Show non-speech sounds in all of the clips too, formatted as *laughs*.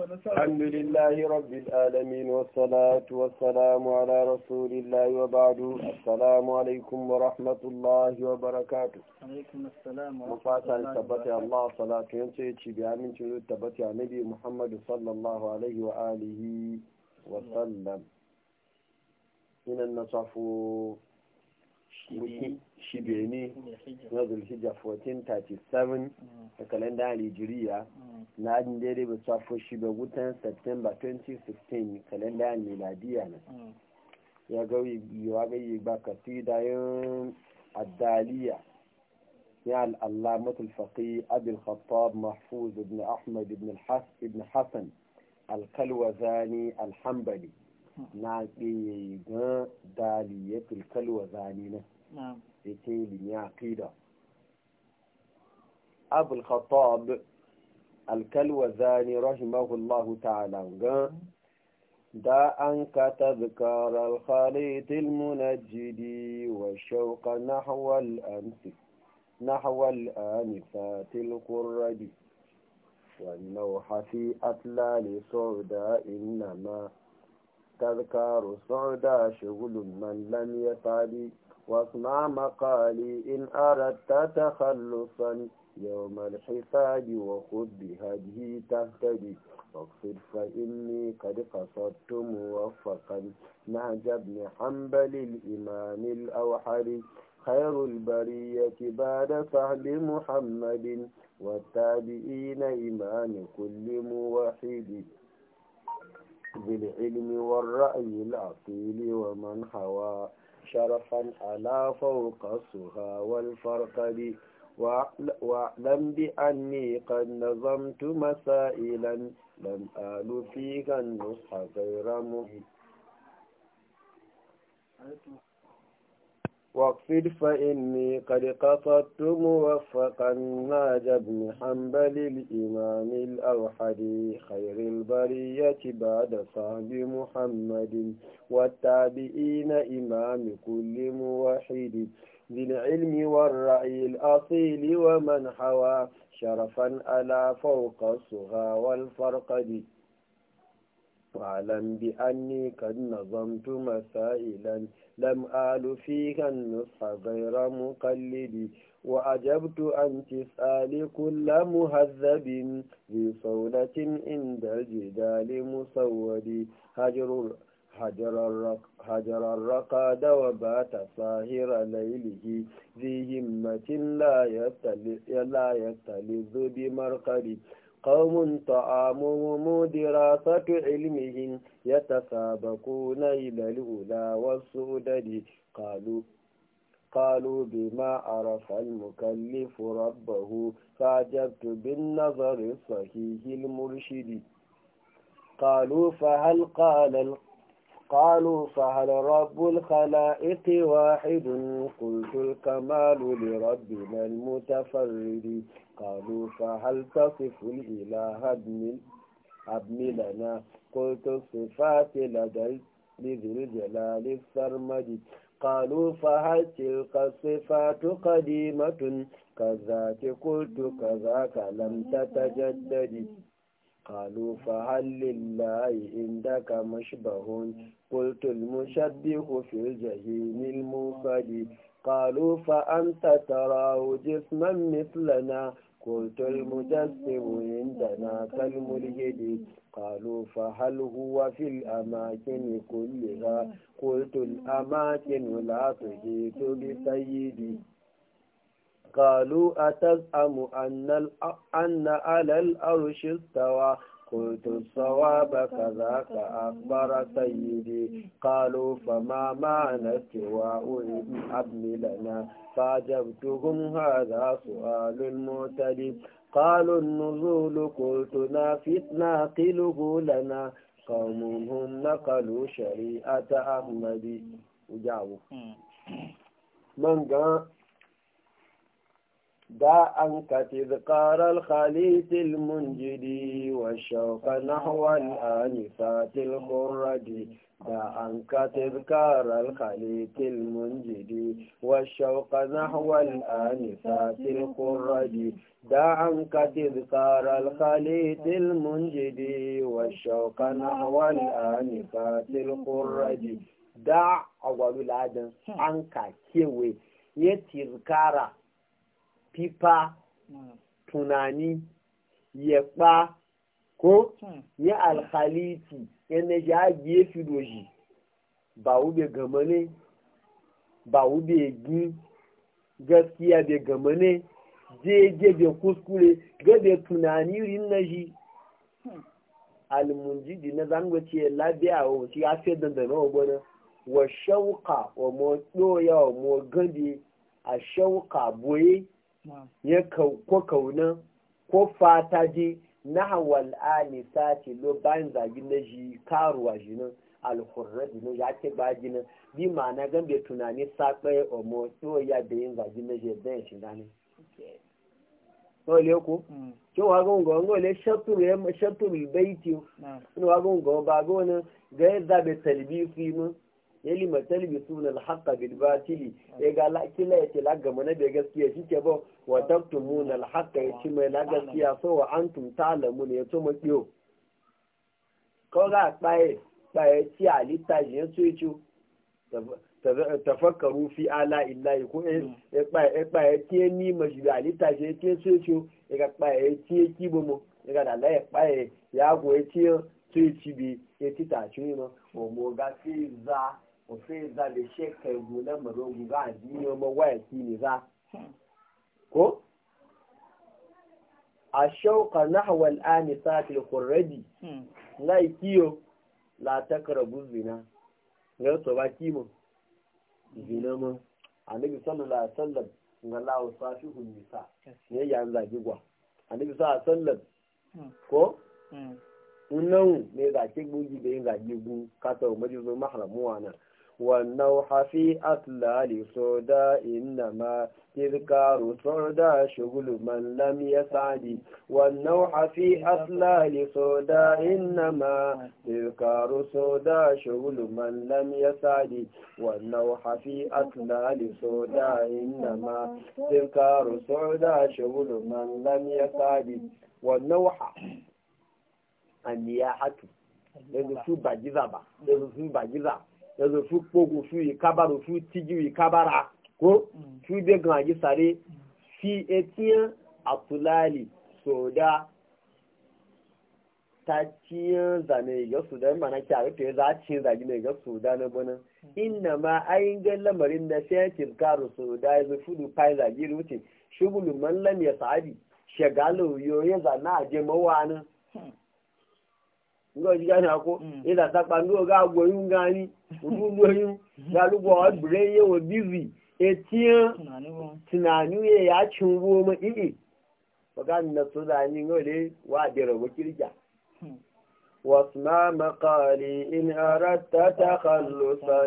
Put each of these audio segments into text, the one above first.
الحمد لله رب العالمين والصلاة والسلام على رسول الله وبعد السلام عليكم ورحمة الله وبركاته عليكم السلام ورحمة الله وبركاته الله صلاة ينسي ينسيتي من شروط تبتي نبي محمد صلى الله عليه وآله وسلم من النصف shibeni na zulhijja 1437 da kalenda alijiriya na ajin daidai ba safo shibe wutan september 2016 kalenda miladiya na ya gawi yiwa gayi ba kasida yin addaliya يا العلامة الفقيه أبي الخطاب محفوظ بن أحمد بن الحس بن حسن الكلوزاني الحنبلي ناقي دالية الكلوزاني نه نعم عقيدة أبو الخطاب الكلوزاني رحمه الله تعالى دا أنك تذكر الخليط المنجدي والشوق نحو الأنف نحو الأنفات القرد والنوح في أطلال صعدا إنما تذكار صعدا شغل من لم يطالي واصنع مقالي إن أردت تخلصا يوم الحساب وخذ بهذه تهتدي واغفر فإني قد قصدت موفقا نهج ابن حنبل الإمام الأوحد خير البرية بعد صهب محمد والتابعين إمام كل موحد بالعلم والرأي الأصيل ومن حواه شرفا على فوق السها والفرقد واعلم بأني قد نظمت مسائلا لم آل فيها النصح غير مهم واغفر فإني قد قصدت موفقا ناج بن حنبل الإمام الأوحد خير البرية بعد صحب محمد والتابعين إمام كل موحد ذي العلم والرأي الأصيل ومن حوى شرفا ألا فوق الصغى والفرقد واعلم بأني قد نظمت مسائلا لم آل فيها النصح غير مقلد وأجبت أن تسأل كل مهذب ذي صولة عند الجدال مسود هجر هجر الرق هجر الرقاد وبات صاهر ليله ذي همة لا يتلذ بمرقد قوم طعامهم دراسة علمهم يتسابقون إلى الأولى والسؤدد قالوا قالوا بما عرف المكلف ربه فعجبت بالنظر الصحيح المرشد قالوا فهل قال قالوا فهل رب الخلائق واحد قلت الكمال لربنا المتفرد قالوا فهل تصف الإله أبمل أبملنا قلت الصفات لدي لذي الجلال السرمد قالوا فهل تلك الصفات قديمة كذات قلت كذاك لم تتجدد قالوا فهل لله عندك مشبه قلت المشبه في الجحيم الموقد قالوا فأنت تراه جسما مثلنا قلت المجسم عندنا كالملحد قالوا فهل هو في الأماكن كلها قلت الأماكن لا تحيط بسيدي قالوا أتزعم أن, أن على الأرش استوى قلت الصواب كذاك أخبر سيدي قالوا فما معنى استواء الأبن لنا فأجبتهم هذا سؤال معتدل قالوا النزول قلت نافت ناقله لنا قوم هم نقلوا شريعة أحمد وجاوب من قال دا ان كتب تذكار الخليط المنجدي والشوق نحو الآنفات الخرد دا ان كتب تذكار الخليط المنجدي والشوق نحو الآنفات الخرد دا ان كتب تذكار الخليط المنجدي والشوق نحو الآنفات الخرد دا أول العدن عنك كيوي يتذكر fifa hmm. tunani hmm. ba ko ya alhaliti yana ya biye fidoji ba wube gamane ba wube gi gaskiya be gamane jeje da kuskure gabe tunani rin na ji hmm. almunjidi na zango ce labiya wa ya fi dandana wa gona wa shauka wa mo doya wa mo gande a shauka boye ya ko kauna ko fata je na hawal ali sati lo bayan zagi na ji karuwa ji nan alhurra ji nan ya ce ba ji nan bi ma na gan bai tunani sakpe omo yau ya da yin zagi na ji dan shi na ne le ko mm. wa gan gan wale shattu baiti wani wa gan gan ba gan ga yadda fi yali matal bi sunan haqqa bil batili ya ga la kila ya ce la ga mana da gaskiya shike ba wa taktumun na haqqa ya ce mai la gaskiya so wa antum ta'lamun ya to mu biyo ko ga tsaye tsaye ti alita ya so yace tafakkaru fi ala illahi ko e tsaye ti ni mashi alita je ti so ci ya ga tsaye ti kibo mo ya ga da la tsaye ya go ti so ci bi ya ti ta shi mo mo ga ti za sai za da shekai gunan marogu za a jiyo ma wayaki ne za ko a shauka nahwal anisa fil qurrabi lai kiyo la takrabu zina ga to ba kimo zina ma annabi sallallahu alaihi wasallam ga lawo safihu nisa ne ya zagi gwa annabi sallallahu a sallar. ko hmm. nan ne zaki gugi da yin zagi gu ka ta umaru mahramuwa nan والنوح في أطلال صودا إنما تذكار صودا شغل من لم يسعد والنوح في أطلال صودا إنما تذكار صودا شغل من لم يسعد والنوح في أطلال صودا إنما تذكار صودا شغل من لم يسعد والنوح النياحة لأنه شو بعجزة بعجزة yanzu su kpogu fún yi fún su ìkábàrà kó kabara ko mm. su fi etí àtúláàlì soda ta ciyan zane ga suda mana ki a rufe za a ciyan zagi ne ga suda na bana mm. inna ma yi ga lamarin da sai yake karu suda ya zo fudu fai zagi rutin shugulu man lam sa'adi shagalo ya nga ji gani ako ila mm. e sapa ga gboyun gani odu *laughs* gboyun ga lu bo agbere ye e wo busy etian tinanu ye ya chunwo mo ii waga na so da ni ngole wa dero bo kirja واسمع مقالي إن أردت تخلصا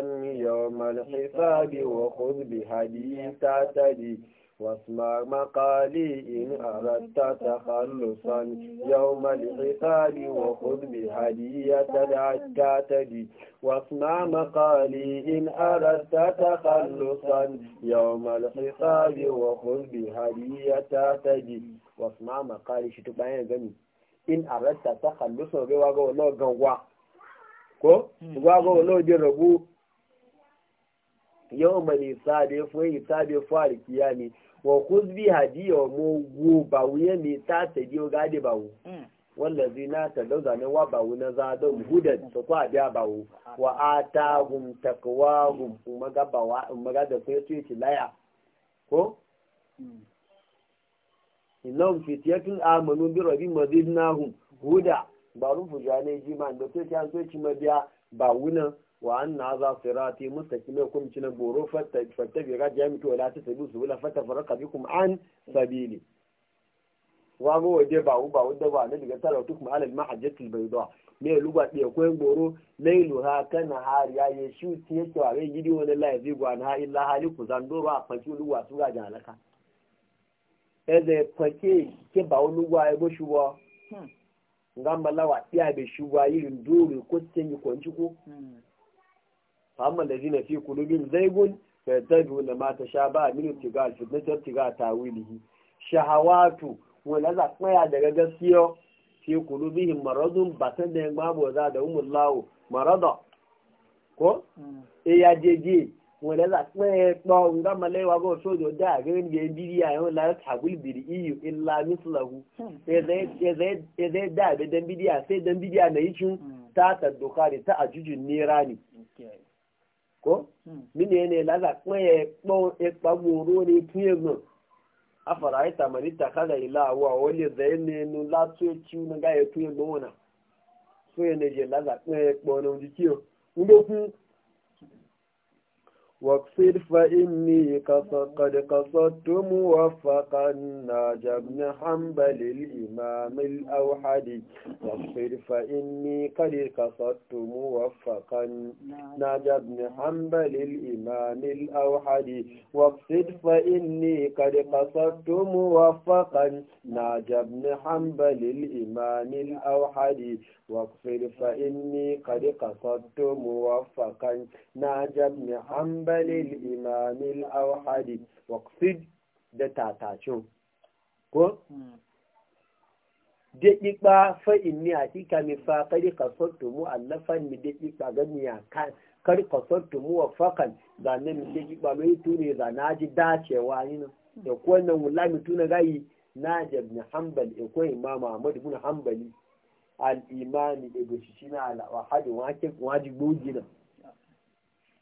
يوم الحساب وخذ بهدي تعتدي واسمع مقالي إن أردت تخلصا يوم العقاب وخذ بهدية العكاتب واسمع مقالي إن أردت تخلصا يوم العقاب وخذ بهدية تجي واسمع مقالي شتبعين جميل إن أردت تخلصا غوا الله جوا غوا كو غوا je rabu yau mai sabe fun yi فارق يعني wa kuzbi hadiya mo go ba wuye mi ta ta diyo gade ba wu. Wallazi na ta dauza ne wa ba wu na za da hudan ta kwa biya ba wo. Wa a ta gum ta kwa gum in maga da sai su laya. Ko? Ilan fi ta yakin amanu bi rabi mazid na hu huda ba rufu jane ji ma da sai ta so ci mabiya ba wu wa anna za sirati mustaqima kum cinan goro fatta fatta bi ga jami to la tasabu subula fatta farqa bikum an sabili wa go de ba u ba u da ba ne daga tarautukum ala al-mahajjati al-bayda me lugwa de ko goro lailu ha kana har ya ye shu ti yake wa bai gidi wani laifi gwa na illa haliku zando ba fanki lugwa su ga jalaka eze fanki ke ba lugwa e bo shuwa hmm. ngamba lawa ya be shuwa irin dole ko tenyi ko njiko hmm. فاما الذين في قلوبهم زيغ فيتبعون ما تشابه من ابتغاء الفتنه ابتغاء تاويله شهوات ولذا ما يدرسيه في قلوبهم مرض بطن ما وزادهم الله مرض ko eya jeje wọn lẹ́la pẹ́ ẹ pọ́ nga mọ̀lẹ́wà bọ̀ sódò dá àgẹ́rẹ́ ní ẹbí rí àwọn láyé tàbílì bìrì iyù ńlá mísìláwù ẹ̀zẹ́ dá àbẹ́ dẹ́nbídíà ṣé dẹ́nbídíà náà yìí tún tá àtàdùkárì tá ni. ko hmm. mine ne laza kuma ya kpa goro ne tuye gun a fara ita mani ta kada ila awa wani zai ne nu latu ya ciwo na ga ya tuye gun wana so ya ne je laza kuma واقصد فإني قد قصدت موفقا ناجى بن حنبل الإمام الأوحد واقصد فإني قد قصدت موفقا ناجى بن حنبل الإمام الأوحد واقصد فإني قد قصدت موفقا ناجى بن حنبل الإمام الأوحد واقصد فإني قد قصدت موفقا ناجى بن حنبل lil imamil awhadi waqsid da tatacin ko da ƙiƙa fa'in ni a ƙiƙa mi fa kari kasar mu allafan mi da ƙiƙa gani ya kari kasar tumu wa fakan zane mi da ƙiƙa mai tune zane aji dacewa ni na ya kuwa nan wula mi tuna gayi na jab ni hanbal ya kuwa imam ahmad ibn hanbali al'imani da gushi shi na al'ahadin wajibogi na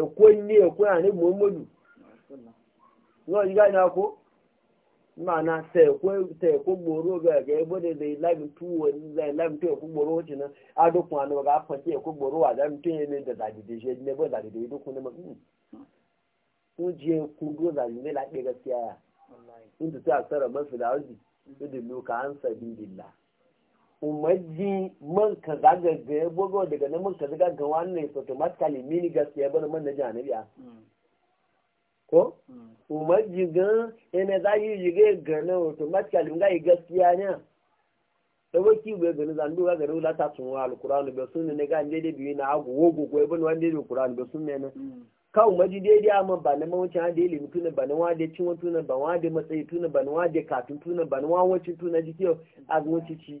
èkó ekwe èkó àní mọ́mọ́lù wọ́n yíká ní akó mana ta èkó gbòòrò gẹ̀gẹ̀ ẹgbẹ́dẹ̀ lè láìmí tó èkó gbòòrò na náà na àná ọ̀gá pọ̀ tí èkó gbòòrò wà dáàmì tó yẹn ní dàdàdìdè ṣe ya umarji man ka zaga ga ya bugo daga nan man ka zaga ga wannan is automatically mini gaskiya bar man na janabiya ko hmm. umarji ga ina za yi yi ga ga nan automatically ga yi gaskiya ne da ki bai ga nan zandu ga nan ta tun wa alqur'ani ba sunne ne ga da biyu na agu wogo ko ibn wanda da alqur'ani ba sunne ne hmm. ka umarji daidai amma ba na mawucin ha ya limi tuna ba na wade cin tuna ba wade matsayi tuna ba na wade katun tuna ba na wawancin tuna jikiyo a ci.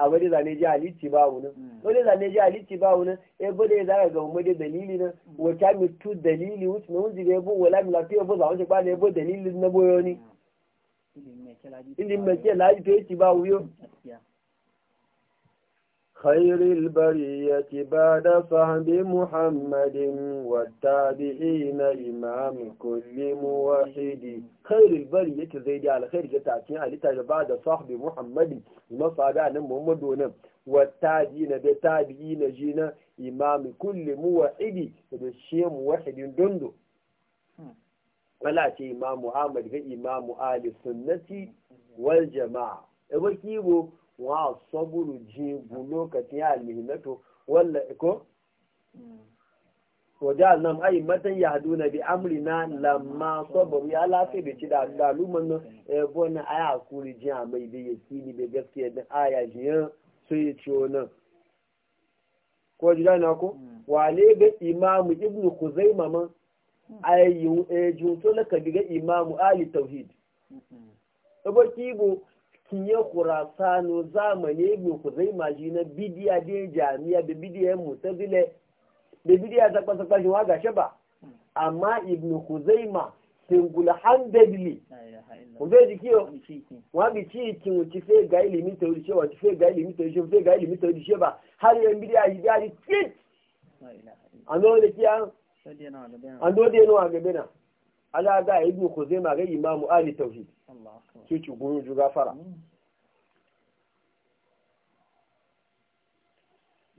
amma dai zane ji halitti babu nan wani mm. zane ji halitti babu nan e eh, bude za ka ga umma dalili nan mm. wata mitu dalili wuce na wunzi da yabo wala mi lafiya bo za wuce ba da yabo dalilin na boyo ni mm. ilimin mai ke laji to yi ci babu خير البرية بعد فهم محمد والتابعين إمام كل موحد خير البرية زيدي على خير جتاتين على بعد صاحب محمد ما نمو مدونة والتابعين بتابعين جينا إمام كل موحد الشيء موحد دندو ولا شيء إمام محمد إمام آل السنة والجماعة كيبو wa saburu jibu lokacin almihimmatu wala ko mm. wajal nam ai matan ya hadu na bi amri na lamma sabaru ya lafi da ci da galuman nan ebo na e, aya kuri jin a mai bai yaki ni bai gaske da aya jiyan sai ciwo nan ko jira na ko mm. wale ga imamu ibn kuzaima man mm. ayyun ejun to na kabi ga imamu ali tauhid ebo kibo kinye kurasano zamani egbe kuzai maji na bidiya de jami'a da bidiya mutazile da bidiya ta kwasa kwashe wa gashe ba amma ibnu kuzaima singular handedly kuzai jiki yau wa bi ci kin wuce sai ga ilimin ta wuce wa sai ga ilimin ta wuce sai ga ilimin ta wuce ba har yan bidiya yi da tit an dole kiyan an dole yana wa na? ala ga ibu ko zai ma ga imamu ali tauhid su ci guru ju gafara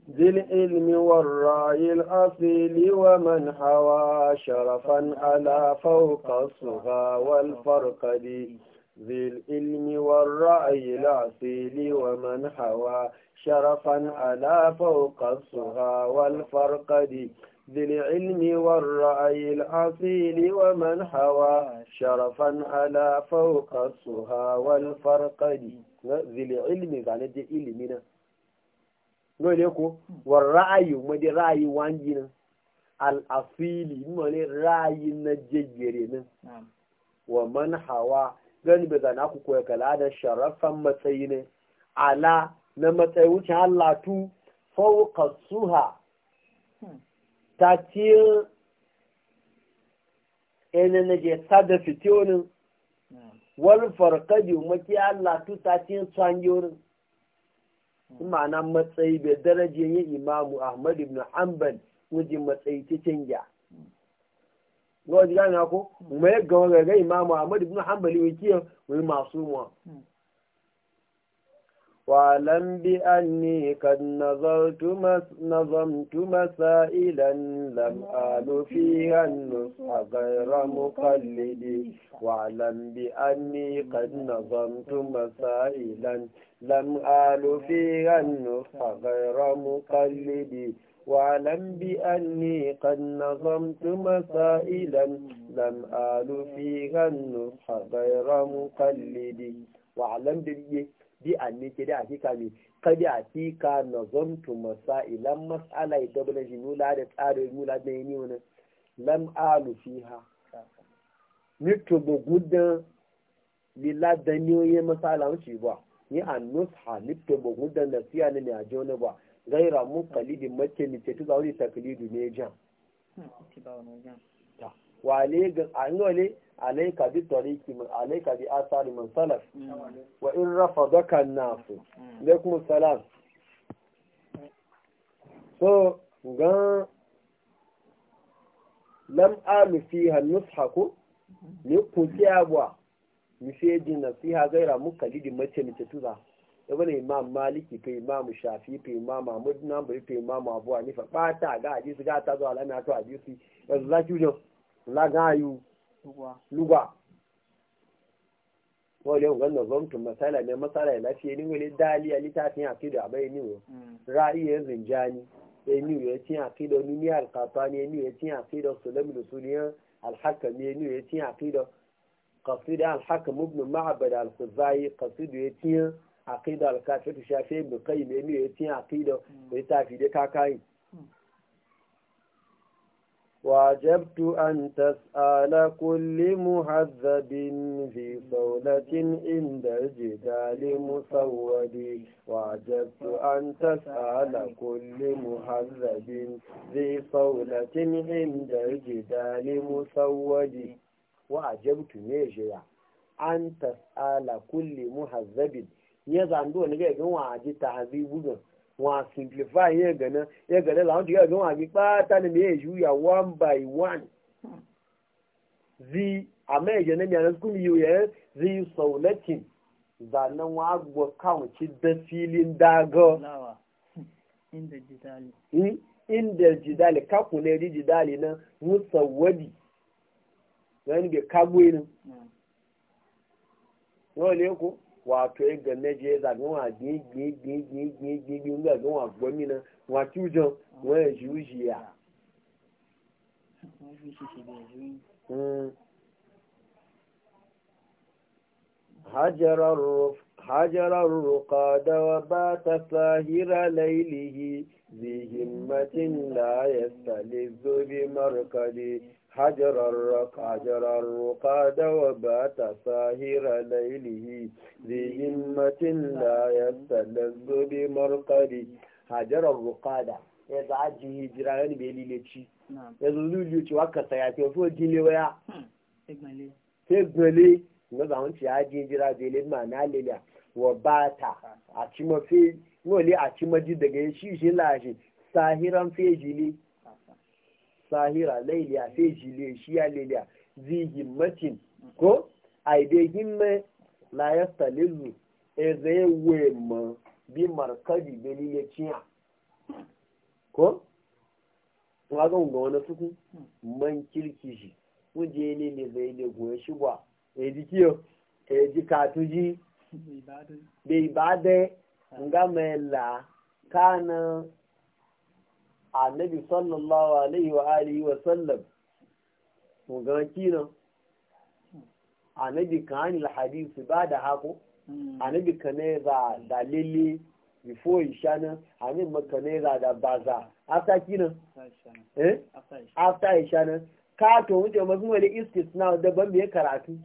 dil hmm. ilmi war ra'il asili man hawa sharafan ala fawqa sugha wal farqadi dil ilmi war ra'il man hawa sharafan ala fawqa sugha wal ذي العلم والرأي الأصيل ومن هوى شرفا على فوق الصها والفرقد ذي العلم يعني دي علمنا نقول لكم والرأي ما دي رأي وانجينا الأصيل ما دي رأي نجيجرين ومن هوى gani bai zana ku koya kala da sharafan matsayi ne ala na matsayi wucin Allah fauka suha tatiyin yana na je sada fitiyonin wani biyu maki Allah tu tatiyin tsangiyonin ma'ana matsayi bai daraje yin imamu Ahmad ibn Hanbal wajen matsayi ta canja. Gwaji gane ko, mai gawa ga imamu Ahmad ibn Hanbal wakiyar masu muwa. واعلم بأني قد نظرت مس نظمت مسائلا لم آل فيها النصح غير مقلدي واعلم بأني قد نظمت مسائلا لم آل فيها النصح غير مقلدي واعلم بأني قد نظمت مسائلا لم آل فيها النصح غير مقلدي واعلم بأني bi an ne ke da hakika ne kada hakika na zontu masa ilan mas'ala ita bane shi nula da tsarin nula da yi wani lam alu fiha to da gudan lila da niyoyi mas'ala ci ba ni a nusha to da gudan da siya ne ne a ni ba gaira mun kalidi mace ni ce tu zaune takalidu ne jan. Hmm, wale ga anole alaika bi tariki alaika bi asari man salaf wa in rafadaka an-nas alaikum salam so ga lam ami fiha nushaku ni kuti abwa mi fi ha gaira muka lidi mace mace tuza da imam maliki fi imam shafi fi imam ahmad nambari fi imam abuwa ni fa bata ga hadisi ga ta zo alami ato hadisi yanzu za ki wujen lagayu lugwa wọ́n lè wọ́n lọ zọ́mtù masala ne masala na fiye ni wani daliya littafin akido a bai niwo ra'ayin rinjani alhaka وعجبت أن تسأل كل مهذب في صولة عند الجدال مسود وعجبت أن تسأل كل مهذب في صولة عند الجدال مسود وعجبت نيجيا أن تسأل كل مهذب يزعم دون غير وعجبت هذه wọn simplify yẹn ihe yẹn gẹ̀nà làwọn ti yẹ gẹ̀nà wọn àbí pátá ni mi yẹ ju yà one by one zi ẹ̀jẹ̀ náà mi àná yìí zi zànà wọn káwọn ti dẹ́ fílí ń inda jidali hmm? jidali na kagwe ne wato ya gane je ya zaɓi wa gbigbigbigbigbigbin ga gan wa gwamina wa kyujan wani jujiya hmm. hajarar ruruka da ba ta sahira lailihi zihimmatin himmatin la ya tsale zobe markade حجر حجر الرقاد وبات ساهر ليله ذي همة لا يستلذ بمرقدي حجر الرقاد ya za a ji hijira yani bai lileci ya zo lileci wa kasa ya fi wasu jini waya sai gbele ci ya ji hijira na lilya wa bata a ci mafi daga ya shi shi sahiran fejili sahira lailiya feji le ya lailiya zi himmatin ko aide himme la ya salilu e zai we ma bi markadi beni ya ciya ko ga ga wani suku man kirki shi je ne ne zai ne goye shi ba e ji kiyo e ji katuji bai ba da nga mai la kana annabi sallallahu alaihi wa alihi wa sallam mun ga kina annabi kan al hadith ba da hako hmm. annabi ne za da lele before ishana annabi ne za da baza after kina eh after ishana ka to wuce masu wani istisna ban bai karatu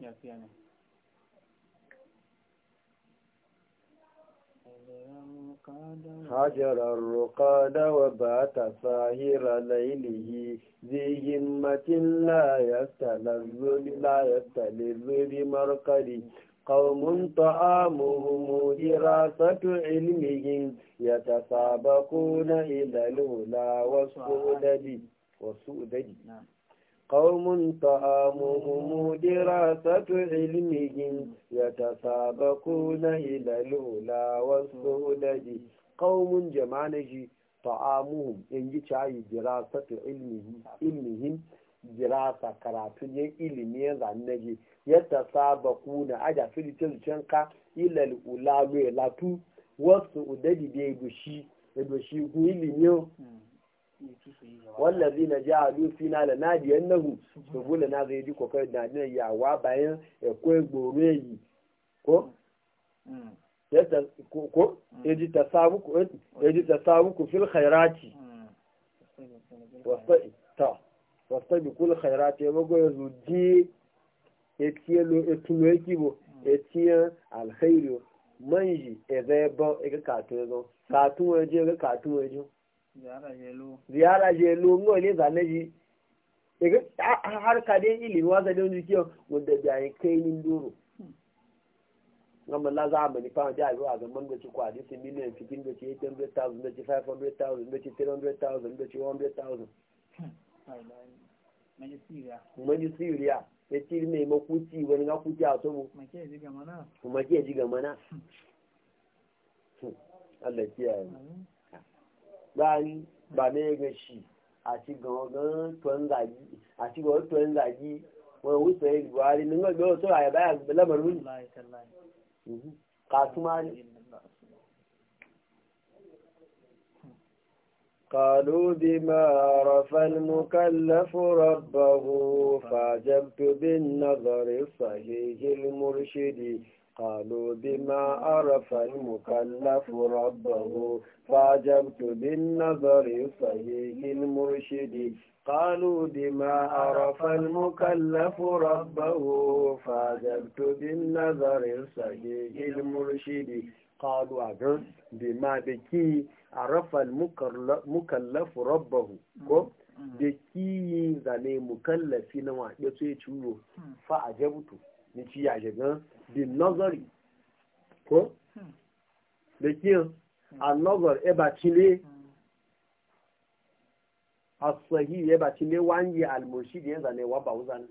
حجر الرقاد وبات ساهر ليله ذي همة لا يستلذ لا يستلذ بمرقد قوم طعامهم دراسة علمهم يتسابقون إلى الهلا والسؤدد والسؤدد نعم قوم طعامهم دراسة علمهم يتسابقون إلى الأولى والسهدج قوم جمعنج طعامهم ينجي شاي دراسة علمهم علمهم dirasa karatun yin ilimi ya zanne ji yadda saba kuna aja filitin canka ilal ulalu latu wasu udadi da ya doshi ya doshi ku ilimi wallazi na ji a na da nadi yan nahu su bula na zai ji kokarin na nan yawa bayan ya kwai gboro ya yi ko ko? ya ji ta samu ku fil khairati wasta bi kul khairati ya mago ya zuji ya tiye lo ya tuno ya kibo ya tiye alkhairu manji ya zai ba ya ga katuwa ya zo katuwa ya ji ya ga katuwa ya ji ziyara je lo ngo ne zane ji har ka dai ilimi wasa dai ji kiyo wanda da ya kai ni duro hmm. ngamba la za mu ni fa da ruwa ga man gaci kwa dai miliyan cikin gaci 800000 gaci 500000 gaci 300000 100000 ya ci mai makuci wani ga kuci a sobo kuma ke ji ga mana hmm. Hmm. Allah kiyaye báyìí bàbá ẹgbẹ́ ṣì àti gangan tó ń gà yí àti gangan tó ń wọn ò buhari tó ní kàtúmárì. قالوا بما عرف المكلف ربه فعجبت بالنظر صحيح المرشد قالوا بما عرف المكلف ربه فعجبت بالنظر صحيح المرشد قالوا أجل بما بكي عرف المكلف ربه بكي زالي مكلفين وعجبت يتشوه فعجبت نتي عجبت bin nazari ko da hmm. kiyan hmm. annazar ebacile hmm. asahi ebacile wanyi almoshi da e yanzu ne wa ba wuzan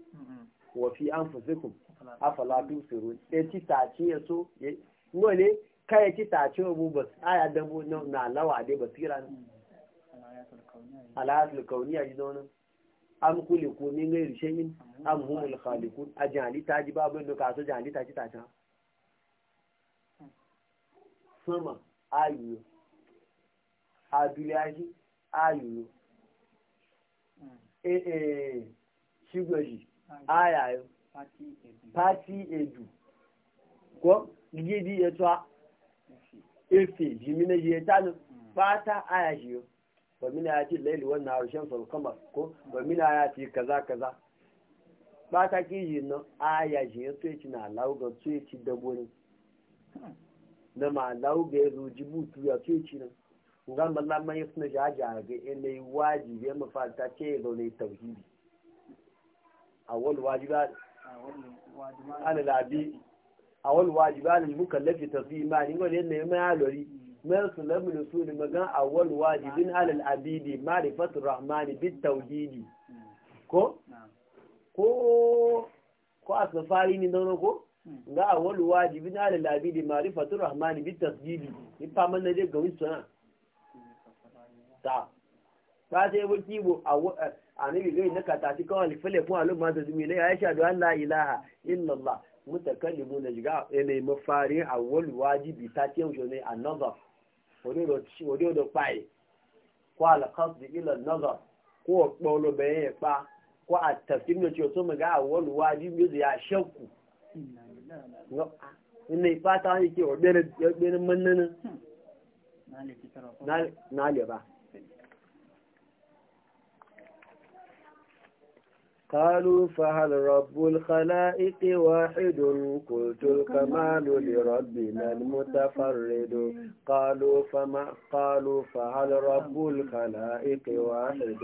wafi an fusikun afala tusiru e ti tace ya so e ne ka ya e ci tace bu ba aya dabo na lawa dai basira ne alayatul kauniya ji zaunin am kule ko min gairi shayin am humul khaliqun a jali ta ji babu da kaso jali ta ci ta ta sama ayu abulaji ayu eh eh shigoji ayayo pati edu ko gidi etwa efe jimine yetano pata ayayo wa min ayati al-layli wan nahari shamsu ko wa ya ayati kaza kaza ba ta ki yin no aya je to yi na lauga to ci dabo ne na ma lauga ya zo ya yi ci na ngan mallan man yasna jaja ga inda wajibi mu fata ce zo ne tauhidi awwal wajibat ala labi awwal wajibat al-mukallafi tasima ni ngol ne lori من سلم الأصول مجان أول واجب على العبيد معرفة الرحمن rahmani كو كو ko a tsafari ni nono ko ga awal wajibi na da labi da marifatul rahmani bi tasdidi ni fa na je ga suna na ta ba sai bu kibo anabi gai na kata ci kawai alfale fun alu ma zumi ne ya shahadu an la ilaha illa allah mutakallimu na jiga ne mafarin awal wajibi ta ce jo ne annazaf òní odò páì kó àlàkọ́sì ilẹ̀ nọ́gà kó ọ̀pọ̀ olóbẹ̀yìn yẹn pa kó àtẹ̀sí mi tí o tó mi gá àwọn olùwádìí mi ti àṣẹ́kù. nínú ipá táwọn yìí kí ọ̀gbẹ́ni mọ́nánà. náà lè bá. قالوا فهل رب الخلائق واحد قلت الكمال لربنا المتفرد قالوا فما قالوا فهل رب الخلائق واحد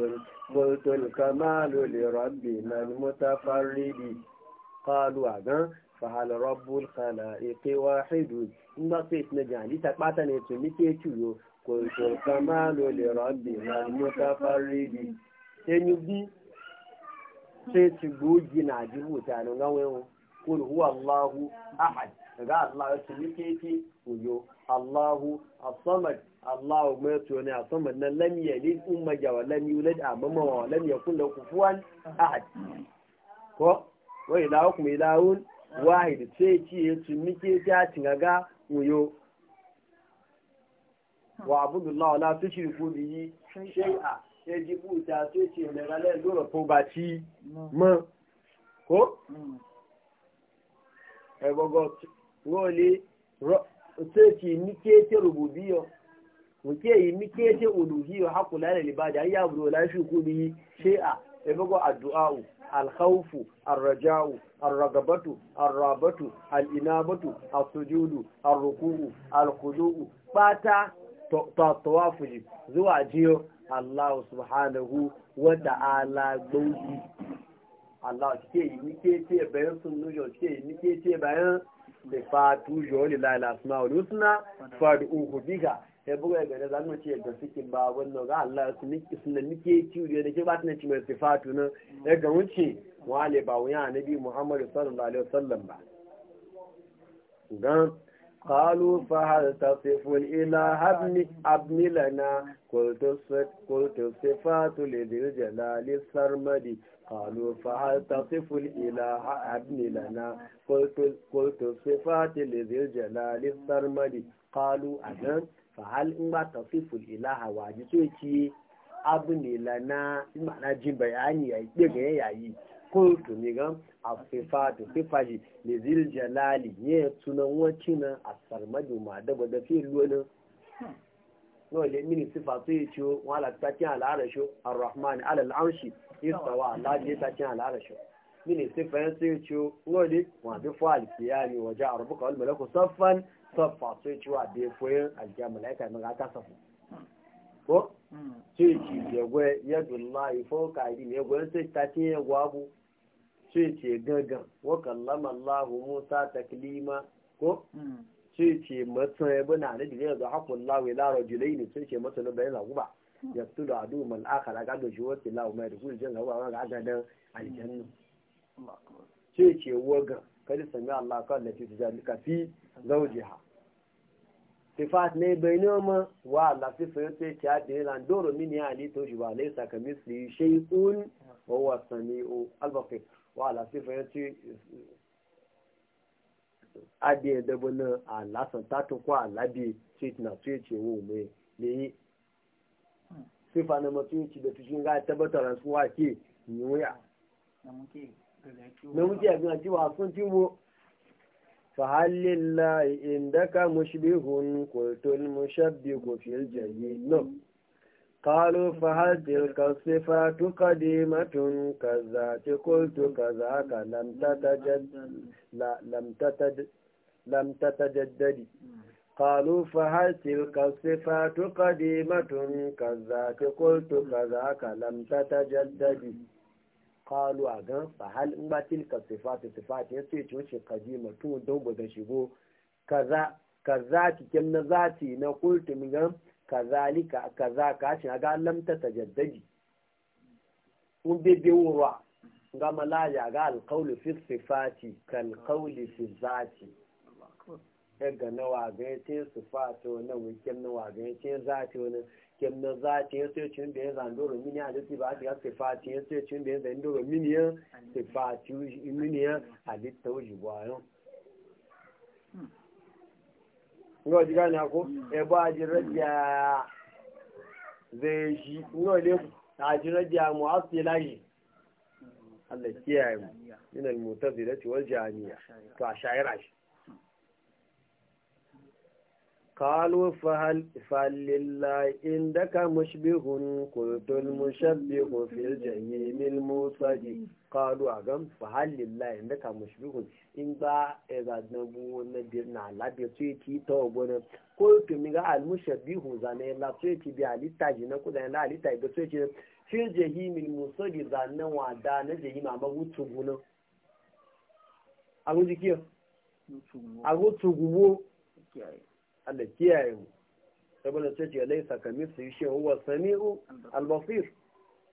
قلت الكمال لربنا المتفرد قالوا عدن فهل رب الخلائق واحد نقيت نجاني تقبعتني تميكي قلت الكمال لربنا المتفرد تنبي sai ci gogi na ji mutanen gawayin kul huwa Allahu ahad daga Allah ya ci nike ki uyo Allahu as-samad Allahu mai to ne as-samad nan lam yalid umma jawa lam yulad amma wa lam yakul lahu kufuwan ahad ko wa ilahukum ilahun wahid sai ci ya ci muke ta tinga uyo wa abudullahi la tushriku bihi shay'a ejibu ta tó ti ìrẹ̀lẹ̀ lóòrò fún bá tí mọ́ kó mm. ẹgbọ́gọ́ wọ́n lè tó ti ní kéèké rògbò bí yọ wùké yìí ní kéèké òdò bí yọ hakùnlá lè bàjá yíyá àbúrò kú ní ṣé à alhaufu arrajawu arragabatu arrabatu al'inabatu pata zuwa jiyo Allah subhanahu wa ta'ala gbogbo. Allah ke yi ni nike ce bayan sun nujo ke yi ni nike ce bayan da fatu jori lala asma wa lusna fadu uku biga ya buga ga da zanu ce da suke ba wannan ga Allah su nike sun nike ciwo da ke ba tana ci mai sifatu nan ya ga wuce wale ba wuya annabi Muhammad sallallahu alaihi wasallam ba dan قالوا فهل تصف الإله ابني ابن لنا قلت الصفات لذي الجلال السرمدي قالوا فهل تصف الإله ابني لنا قلت الصفات لذي الجلال السرمدي قالوا أذن فهل ما تصف الإله واجتوكي ابني لنا معنى جنب يعني يجب يعني kultu ni gan asifatu sifaji li zil jalali ye tunan wacina asarmadu ma daba da fi lona no le mini sifatu ye ciwo wala ta kin ala arashu arrahman ala al'arshi istawa ala je ta kin ala arashu mini sifan su ye ciwo no le wa bi fa al qiyami wa ja'a rabbuka wal malaku saffan saffa su ye ciwo a be foyin alja malaika ma ta safu ko hmm. sai ci ya gwe ka fawqa ne gwe sai ta kin ya gwabu sai ce gangan wa kallama Allahu Musa taklima ko hmm. sai ce masa ya bana da dile da hakun lawe la rajulai ne sai ce masa na la zaguba hmm. ya tudu adu mal akhara ga da shi wasi lawo mai da kullu jin hawa ga ga dan aljanna sai ce waga kada sami Allah ka lati tijalika fi zawjiha sifat ne bai noma wa la fi sai sai ta da ndoro mini min ya ali to jiba laysa kamisli shay'un wa huwa samiu al-basir wa lasifa ya ce adiye da bana a lasan tatu ko na ce ce wo me ne yi sifa na mutunci da cikin ga tabbatar su wa ke ni wuya na muke a gina cewa sun ci mu fahallillahi indaka mushbihun qultul mushabbihu fil jahil no قالوا فهل تلك الصفات قديمة كذات قلت كذاك لم تتجدد لا لم تتجدد لم تتجدد قالوا فهل تلك الصفات قديمة كذاك قلت كذاك لم تتجدد قالوا أجن فهل ما تلك الصفات الصفات يسيتوش قديمة تون دوبة شبو كذا كذاتي كم نزاتي نقولت من kazalika kaza ka shi ga lamta tajaddadi mun bebe wura ga malaya ga alqawlu fi sifati kal qawli fi zati ga nawa ga yace sifato na na nawa ga yace zati wani kem na zati yace cin da yanzu ndoro mini a dati ba ga sifati yace cin da yanzu ndoro mini ya sifati mini ya halitta wuji bayan ngo diga ako e bo ajiraja zai shi le ajiraja mu asilahi Allah kiyaye mu min al-mu'tazilati wal jami'a. to a shayira shi قالوا فهل فلله عندك مشبه قلت المشبه في الجحيم الموصدي kalu a gan fahallin fahallillah inda ka mushrikun in ba a ga na bir na labe to yi ta obona ko yi tumi ga al mushabbihu zane la su yi bi lita ji na kuda na alita ga su yi fil jahimil musadi zane wa da na jahima ma wutu guna agu a agu tugubo Allah sabon da su yi ce laisa kamithli shay'un huwa samiu al-basir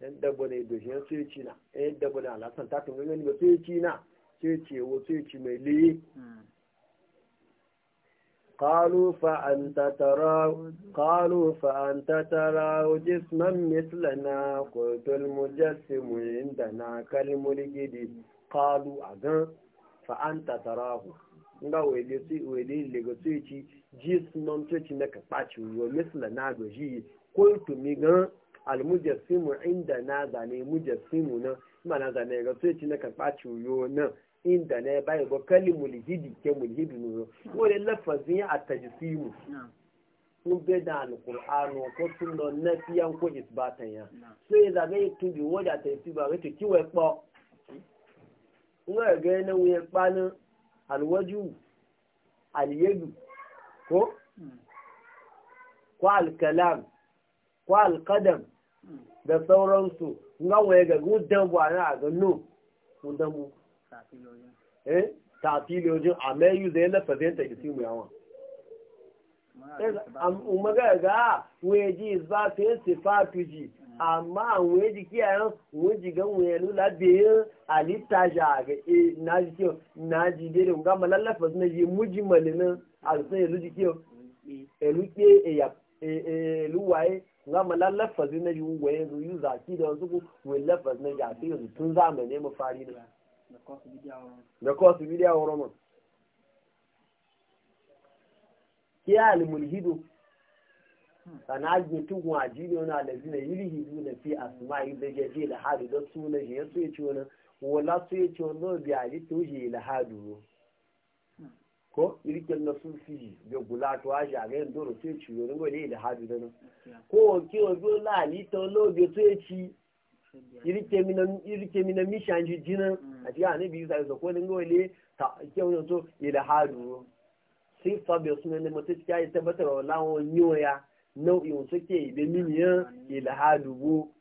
e dabo ne doshi sochina sai na alasan ta tun gani ba sai ci na sai ce wo sai ci mai liyi قالوا فأنت ترى قالوا فأنت ترى جسما مثلنا قلت المجسم عندنا قالوا فأنت تراه nga wele si wele lego si ci jismam na almujassimu inda na zane mujassimu nan ma na zane ga sai ci na karɓa ciwo nan inda na ya bayi ba kalli mulhidi ke mulhidi ne wani lafazin ya atajisimu kun bai da alkur'ano ko sunno na fiyan ko isbatan ya sai da zai tubi wadda ta yi ba wata kiwai kpọ nga ga yana wuyan kpanin alwaju aliyadu ko hmm. ko alkalam ko alkadam da sauransu nga waye ga gudan bu ana ga no gudan mu eh ta tafilojin a mai yi zai na fazenta isi mu yawa eh, umaga ga weji za ta yi sifatu ji amma weji kiyayen weji gan weye lula biyu a ja ga e na ji kiyo na ji dere ga malallafa na ji muji malinin a sun yi luji kiyo lu eh, waye nga mala lafazi na yi wa yanzu yi zaki da wasu wai lafazi na jafi yanzu tun zamani mu fari da da kosu bidiya wa roman kiya almulhidu sana ajiye tukun ajiye wani alazi na yiri hidu na fi asma yi da jafi da hadu da su na shi ya su ya ci wani wala su ya ci wani biya ji to shi da hadu ko irikin na sun fi da a shi a shaga yin doro sai ci yorin gwale da hadu da nan ko wanke wa biyo na wani lobe to ya ci irike mina mishan ji jina mm. a cikin anabi ah, isa isa ko ni gwale ta kyau to da hadu sai fabio suna ne mutu cikin ya tabbatar wa lawon yiwaya nau'in ke da miniyan da hadu bu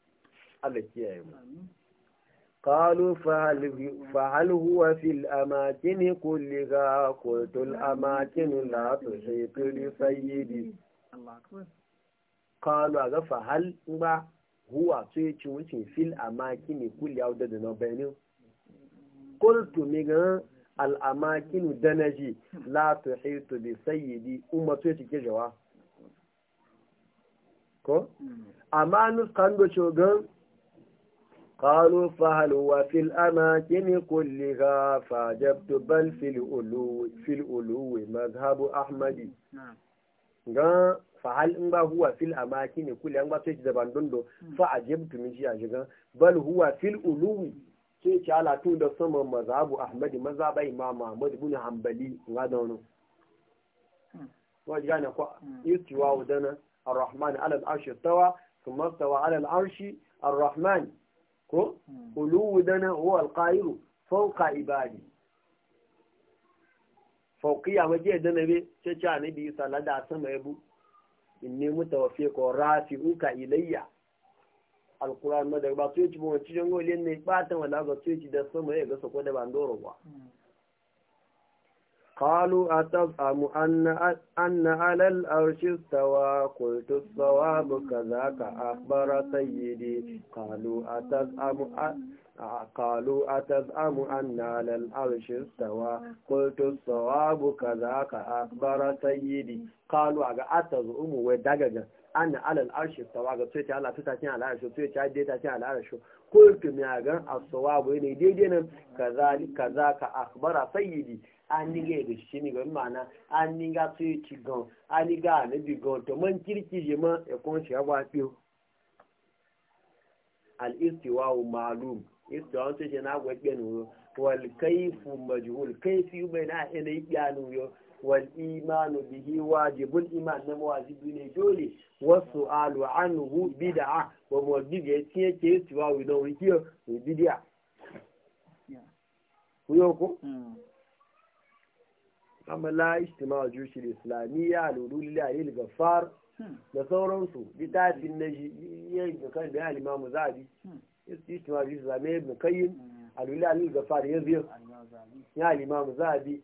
Allah kiyaye mu. قالوا فهل, فهل هو في الأماكن كلها قلت الأماكن لا تحيط لسيدي قالوا فهل هو في الأماكن كلها وددنا بينهم قلت ميغان الأماكن دنجي لا تحيط بسيدي أمة تيجي جوا كو amma nuskan go قالوا فهل هو في الأماكن كلها فعجبت بل في الألو في الألو مذهب أحمد فهل إنما هو في الأماكن كلها إنما تجد بندندو فعجبت من شيء بل هو في الألو sai ci alatu da sama mazhabu Ahmad mazhaba Imam Ahmad ibn Hanbali ga da wani wajen gane ko istiwa wadana rahman ala arshi tawa kuma tawa ala arshi Ar-Rahman ko hmm. uluwu dana huwa alqairu fawqa ibadi fawqiya waje dana be ce ce bi sallallahu alaihi wasallam yabu ko Rafi rafi'uka ilayya alquran ma da ba to yaci bon ci jongo len ne ba ta wala ga to ci da sama ya gasa sako da bandoro ba hmm. قالوا أتزعم أن, أن على الأرش استوى قلت الصواب كذاك أخبر سيدي قالوا أتزعم قالوا أتزعم أن على الأرش استوى قلت الصواب كذاك أخبر سيدي قالوا أتزعم ودقق أن على الأرش استوى قلت سيتي على تتاكين على الأرش سيتي على تتاكين على الأرش قلت من أجل الصواب إني ديدنا كذا كذاك أخبر سيدي aniga ga shi ne mana aniga su yi ci gan aniga na bi gan to man kirki je ma ya shi abuwa al-istiwa ma'lum istiwa na wal majhul kaifi bai na ina yi kyanu yo wal bihi wajibul iman na wajibi ne dole wasu alu anhu bid'a wa ya tiye ke istiwa bid'a kuyo ko hmm. amala ijtima'u jushil islamiyya al-ulul lil gafar da sauransu litafin na shi yin kan da al-imam zabi ijtima'u jushil islamiyya ibn qayyim da ulul lil ghaffar yazir ya al-imam zabi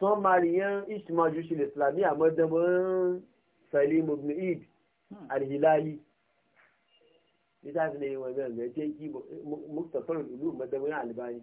somaliyan ijtima'u jushil islamiyya madaman salim ibn id al na litafin ne wanda ya ce ki muktafar al-ulum madaman albani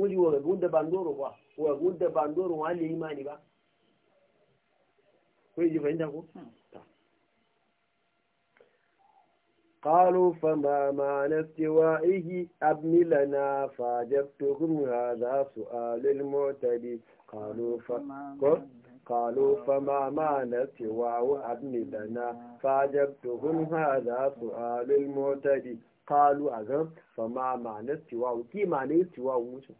wọ́n yìí wọ̀gẹ̀ gúndẹ̀ bá ń dọ̀rọ̀ wa wọ̀gẹ̀ gúndẹ̀ bá ń dọ̀rọ̀ wọn á lè yí máa nìbá wọ́n yìí fẹ̀yìntà kó. قالوا فما معنى استوائه أبن لنا فاجبتهم هذا سؤال المعتدي قالوا ف... قالوا فما معنى استواء أبن لنا فاجبتهم هذا سؤال المعتدي قالوا أذن فما معنى استواء كي معنى استواء مجرد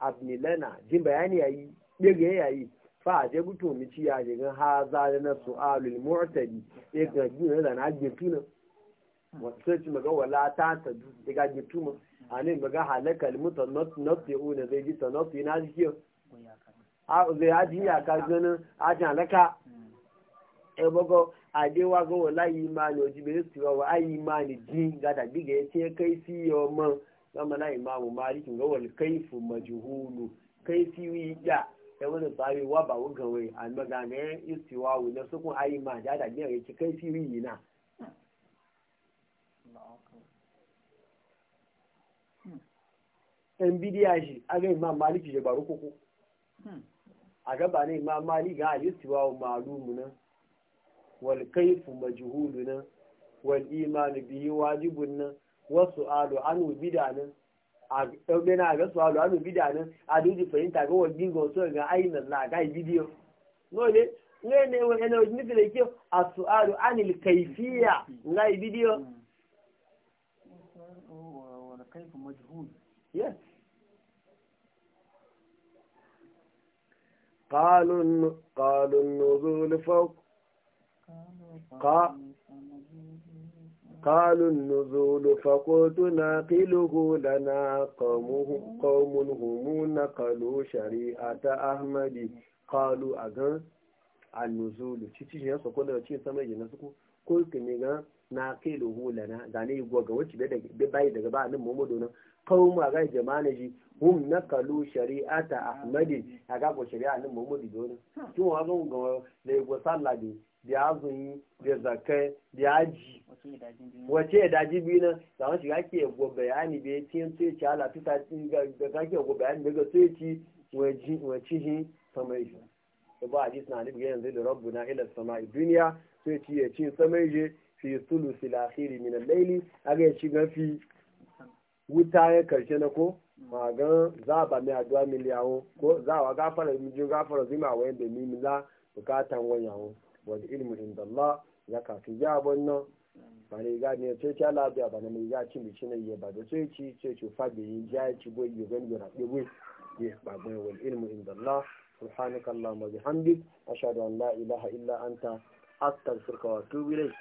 afinilena jin bayani yayi daga yayi fa a je gutu mi ci ya jigan ha za na su'alul e ga gina na na je tuna wato ci maga wala ta ta e ga je tuma ani maga halakal mutannat nafi'u na zai ji na ji a zai ji ya ka halaka e bago adewa ga wala imani ojibe su wa ayi imani din ga da biga yace kai zama na imamu Maliki ga wal kaifu majuhulu kaifi wi ya ya wani tsari wa ba wuga wai a magana istiwa wu na sukun ayi ma da da gina yake kaifi wi na ɗan bidiya shi aga imam maliki ya baro koko a gaba ne imam maliki ga alistiwa wa malumu na. wal kaifu majuhulu na wal imanu bihi wajibun na. wasu alo anu bidanin a ɗaube na ga su alo anu bidanin a duji fahimta ga wajen ga wasu ga ainihin na bidiyo nole ne ne nufi da kyau a su alo anil kaifiya na bidiyo قالوا قالوا النزول فوق kalu nụzolu fakọto na aka elohulana kọmụhụ kmụụ mụ na alụsari ata ahmad kalụ gaaụzlu chiiichiaji nasụwu kenea na na aka eou la gana egu ọwechi adgbo ka ụmụaga eje ana-eji ụmụa kalụsari ata ahmadi agagụcaria adgbo himụ ụ na egwosala gị biya azumi biya zakai biya aji wace ya daji biyu nan da wani shiga ke yagwa bayani da ya ce sai ci ala fita da ka ke yagwa bayani daga sai ci wace shi samai shi da ba a ji suna nufi yanzu da rabu na ilar sama'i duniya sai ci ya ci samai je fi sulu silahiri min laili aga ya ci gafi wuta ya karshe na ko magan za ba mai aduwa miliyawo ko za wa gafara mijin gafara zima wa yadda mimi za bukatan wani yawon Wani ilmi inda Allah ya bonno bane ga ne ce ta labiya bane mai ya ci bici ne ya bada ce ci ce ci fage yi ja ci boy yo gan yo rabbe boy ye ba boy wal ilmu Allah subhanakallahumma bihamdik ashhadu an la ilaha illa anta astaghfiruka wa atubu ilayk